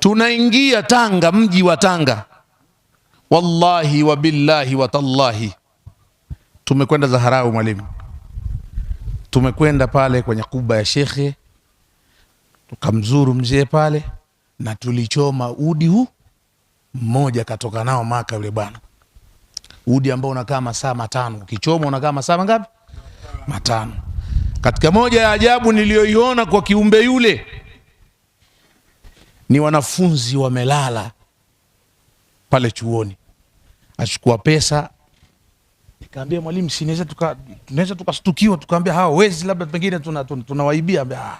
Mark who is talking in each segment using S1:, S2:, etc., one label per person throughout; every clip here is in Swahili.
S1: tunaingia Tanga, mji wa Tanga, wallahi wa billahi wa tallahi, tumekwenda Zaharau mwalimu, tumekwenda pale kwenye kuba ya shekhe, tukamzuru mzee pale na tulichoma udi huu mmoja, katoka nao Maka yule bwana, udi ambao unakaa masaa matano, ukichoma unakaa masaa ngapi? Matano. Katika moja ya ajabu niliyoiona kwa kiumbe yule ni wanafunzi wamelala pale chuoni, achukua pesa. Nikaambia mwalimu, si naweza tuka tunaweza tukastukiwa tukaambia hawa wezi, labda pengine tunawaibia tuna, tuna ah,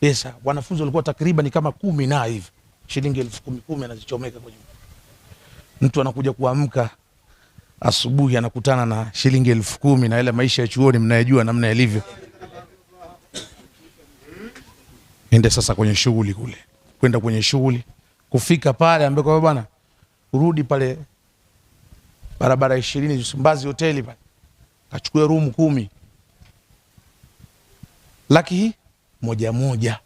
S1: pesa. Wanafunzi walikuwa takriban kama kumi na hivi, shilingi elfu kumi kumi anazichomeka kwenye mtu, anakuja kuamka asubuhi anakutana na shilingi elfu kumi na ile maisha ya chuoni mnayejua namna yalivyo ende sasa kwenye shughuli kule, kwenda kwenye shughuli, kufika pale ambako bwana, urudi pale barabara ishirini Msimbazi hoteli pale, kachukue room kumi, laki moja moja,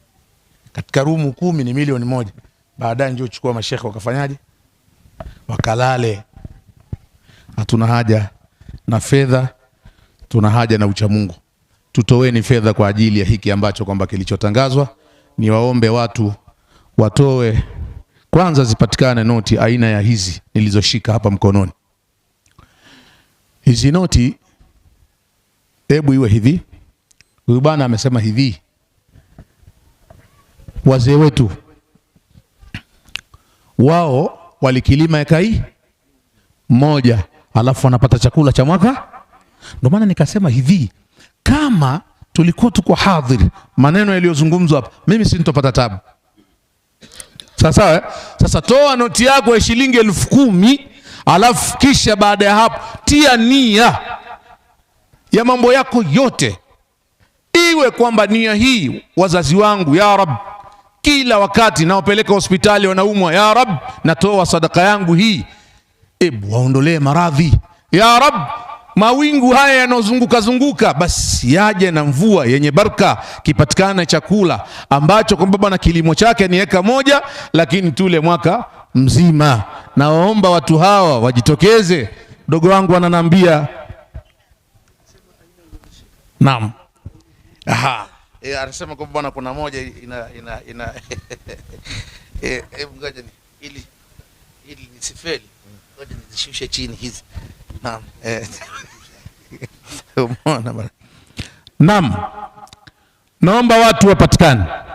S1: katika rumu kumi ni milioni moja. Baadaye ndio chukua mashekhe wakafanyaje, wakalale. Hatuna haja na fedha, tuna haja na uchamungu. Tutoweni fedha kwa ajili ya hiki ambacho kwamba kilichotangazwa niwaombe watu watoe kwanza, zipatikane noti aina ya hizi nilizoshika hapa mkononi. Hizi noti hebu iwe hivi, huyu bwana amesema hivi, wazee wetu wao walikilima eka hii moja, alafu wanapata chakula cha mwaka. Ndio maana nikasema hivi, kama tulikuwa tuko hadhiri, maneno yaliyozungumzwa hapa, mimi si nitopata tabu. Sasa eh? Sasa toa noti yako ya shilingi elfu kumi alafu kisha baada ya hapo tia nia ya mambo yako yote, iwe kwamba nia hii, wazazi wangu, ya Rab, kila wakati nawapeleka hospitali wanaumwa, ya Rab, natoa sadaka yangu hii, ebu waondolee maradhi, ya Rab mawingu haya yanayozunguka zunguka, basi yaje na mvua yenye baraka, kipatikana chakula ambacho kwamba bwana kilimo chake ni eka moja, lakini tule mwaka mzima. Nawaomba watu hawa wajitokeze. Mdogo wangu ananiambia naam, aha,
S2: e, anasema kwamba bwana, kuna moja ina ina ina e, e, ngoja ili ili nisifeli, ngoja nizishushe chini hizi, naam eh. Umeona bwana.
S1: Naam, naomba watu wapatikane.